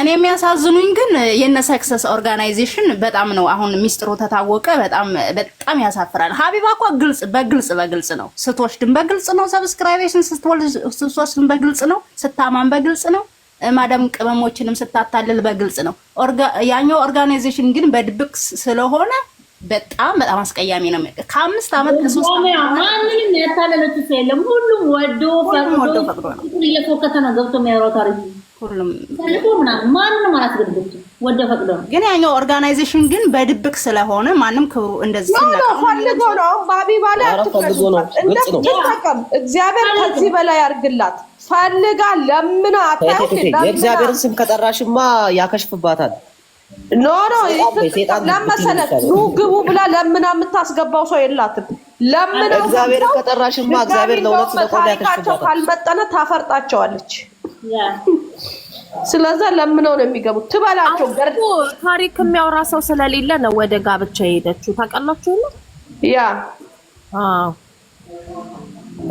እኔ የሚያሳዝኑኝ ግን የነ ሰክሰስ ኦርጋናይዜሽን በጣም ነው። አሁን ሚስጥሩ ተታወቀ። በጣም በጣም ያሳፍራል። ሀቢባ እኮ ግልጽ በግልጽ በግልጽ ነው። ስትወስድን በግልጽ ነው። ሰብስክራይቤሽን ስትወስድን በግልጽ ነው። ስታማን በግልጽ ነው። ማዳም ቅመሞችንም ስታታልል በግልጽ ነው። ያኛው ኦርጋናይዜሽን ግን በድብቅ ስለሆነ በጣም በጣም አስቀያሚ ነው። ከአምስት ዓመት ከሶስት ማንንም ያታለለች የለም። ሁሉም ወዶ ፈቅዶ እየፎከተ ነው ገብቶ የሚያወራው ታሪክ ሁሉም ተልቆ ምናምን ማንንም አላስገድዶችም ወደ ፈቅዶ ነው። ግን ያኛው ኦርጋናይዜሽን ግን በድብቅ ስለሆነ ማንም ክብሩ እንደዚህ ፈልጎ ነው ባቢባ ላይ አትፈልጎ እግዚአብሔር ከዚህ በላይ አድርግላት ፈልጋ ለምና አታ የእግዚአብሔርን ስም ከጠራሽማ ያከሽፍባታል። ኖሮ ኖ ለመሰለህ ኑ ግቡ ብላ ለምና የምታስገባው ሰው የላትም። ለምነው እግዚአብሔር ከጠራሽማ እግዚአብሔር ለሁለት ለቆዳ ስለቆዳቸው ካልመጠነ ታፈርጣቸዋለች። ስለዛ ለምነው ነው የሚገቡት። ትበላቸው ታሪክ የሚያወራ ሰው ስለሌለ ነው ወደ ጋብቻ የሄደችው። ታውቃላችሁ ያ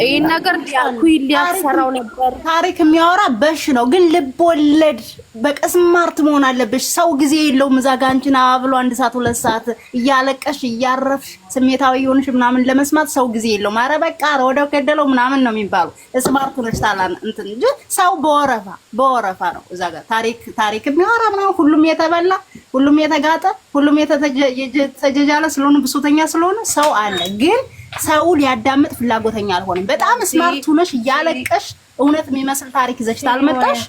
ይህን ነገር ዲያኩይ ሊያሰራው ነበር። ታሪክ የሚያወራ በሽ ነው፣ ግን ልብ ወለድ በቅስማርት መሆን አለብሽ። ሰው ጊዜ የለውም እዛ ጋ አንቺን አብሎ አንድ ሰዓት ሁለት ሰዓት እያለቀሽ እያረፍሽ ስሜታዊ የሆንሽ ምናምን ለመስማት ሰው ጊዜ የለውም። ኧረ በቃ ኧረ ወደው ገደለው ምናምን ነው የሚባሉ። ስማርት ነሽ ታላን እንትን እንጂ ሰው በወረፋ በወረፋ ነው እዛ ጋር ታሪክ ታሪክ የሚያወራ ምናምን ሁሉም የተበላ ሁሉም የተጋጠ ሁሉም የተተጀጃለ ስለሆነ ብሶተኛ ስለሆነ ሰው አለ ግን ሰው ሊያዳምጥ ፍላጎተኛ አልሆንም። በጣም ስማርት ሆነሽ እያለቀሽ እውነት የሚመስል ታሪክ ይዘሽ ታልመጣሽ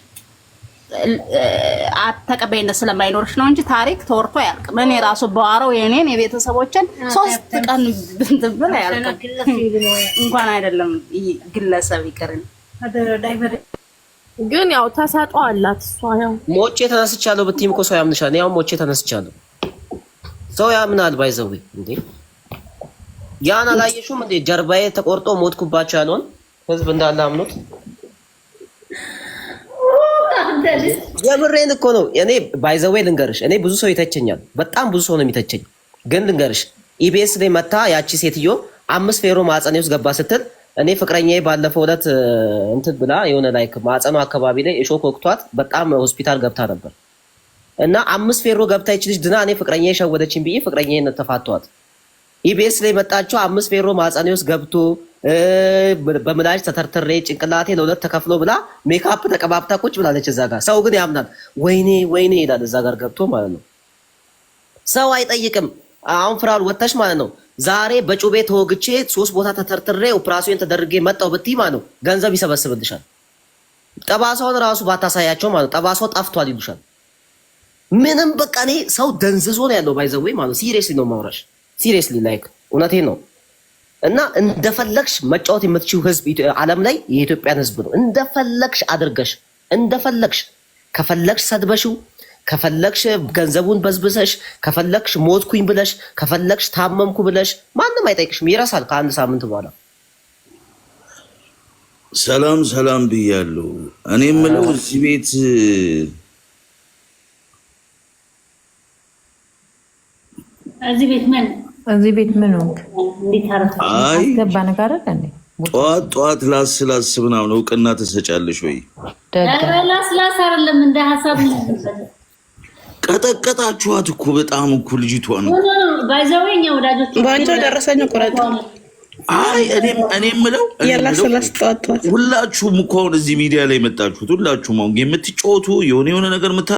ተቀባይነት ስለማይኖርሽ ነው እንጂ ታሪክ ተወርቶ አያልቅም። እኔ ራሱ በዋረው የኔን የቤተሰቦችን ሶስት ቀን ብንትብል አያልቅም። እንኳን አይደለም ግለሰብ ይቅርን። ግን ያው ተሰጥኦ አላት እሷ። ያው ሞቼ ተነስቻለሁ ብትይም እኮ ሰው ያምንሻል። ያው ሞቼ ተነስቻለሁ ሰው ያምናል። ባይዘዊ እንዴ ያን አላየሽውም እንዴ? ጀርባዬ ተቆርጦ ሞትኩባቸው ያለውን ህዝብ እንዳላምኑት የምሬን እኮ ነው። እኔ ባይዘዌ ልንገርሽ፣ እኔ ብዙ ሰው ይተቸኛል። በጣም ብዙ ሰው ነው የሚተቸኝ። ግን ልንገርሽ፣ ኢቢኤስ ላይ መታ ያቺ ሴትዮ አምስት ፌሮ ማዕፀኔ ውስጥ ገባ ስትል እኔ ፍቅረኛ ባለፈው ዕለት እንትን ብላ የሆነ ላይክ ማዕፀኗ አካባቢ ላይ እሾክ ወቅቷት በጣም ሆስፒታል ገብታ ነበር እና አምስት ፌሮ ገብታ ይችልሽ ድና እኔ ፍቅረኛ የሸወደችን ብዬ ፍቅረኛ ተፋቷት ኢቢኤስ ላይ መጣቸው። አምስት ፌሮ ማህፀኔ ውስጥ ገብቶ በምላጭ ተተርትሬ ጭንቅላቴ ለሁለት ተከፍሎ ብላ ሜካፕ ተቀባብታ ቁጭ ብላለች። እዛ ጋር ሰው ግን ያምናል። ወይኔ ወይኔ ይላል። እዛ ጋር ገብቶ ማለት ነው። ሰው አይጠይቅም። አሁን ፍራኦል ወጥተሽ ማለት ነው ዛሬ በጩቤ ተወግቼ ሶስት ቦታ ተተርትሬ ኦፕራሲዮን ተደርጌ መጣው ብትይ ማለት ነው ገንዘብ ይሰበስብልሻል። ጠባሳውን ራሱ ባታሳያቸው ማለት ነው ጠባሳው ጠፍቷል ይሉሻል። ምንም በቃ እኔ ሰው ደንዝዞ ነው ያለው። ባይዘዌ ማለት ሲሪየስሊ ነው ማውራሽ ሲሪየስሊ ላይክ እውነቴ ነው። እና እንደፈለግሽ መጫወት የምትችው ህዝብ ዓለም ላይ የኢትዮጵያን ህዝብ ነው። እንደፈለግሽ አድርገሽ እንደፈለግሽ ከፈለግሽ ሰድበሽው፣ ከፈለግሽ ገንዘቡን በዝብሰሽ፣ ከፈለግሽ ሞትኩኝ ብለሽ፣ ከፈለግሽ ታመምኩ ብለሽ ማንም አይጠይቅሽም። ይረሳል ከአንድ ሳምንት በኋላ። ሰላም ሰላም ብያለሁ። እኔ የምለው እዚህ ቤት እዚህ ቤት ምን እዚህ ቤት ምን ሆንክ? ገባ ነገር አለ ጠዋት ጠዋት ላስ ላስ ምናምን እውቅና ተሰጫለሽ ወይ? ላስላስ አይደለም እንደ ሀሳብ ቀጠቀጣችኋት እኮ በጣም እኮ ልጅቷ ነው ወዳጆች በአንቺ ደረሰኝ ቁረጥ። አይ እኔ ምለው የላስላስ ጠዋት ጠዋት ሁላችሁም እኮ አሁን እዚህ ሚዲያ ላይ የመጣችሁት ሁላችሁም አሁን የምትጫወቱ የሆነ የሆነ ነገር ምታ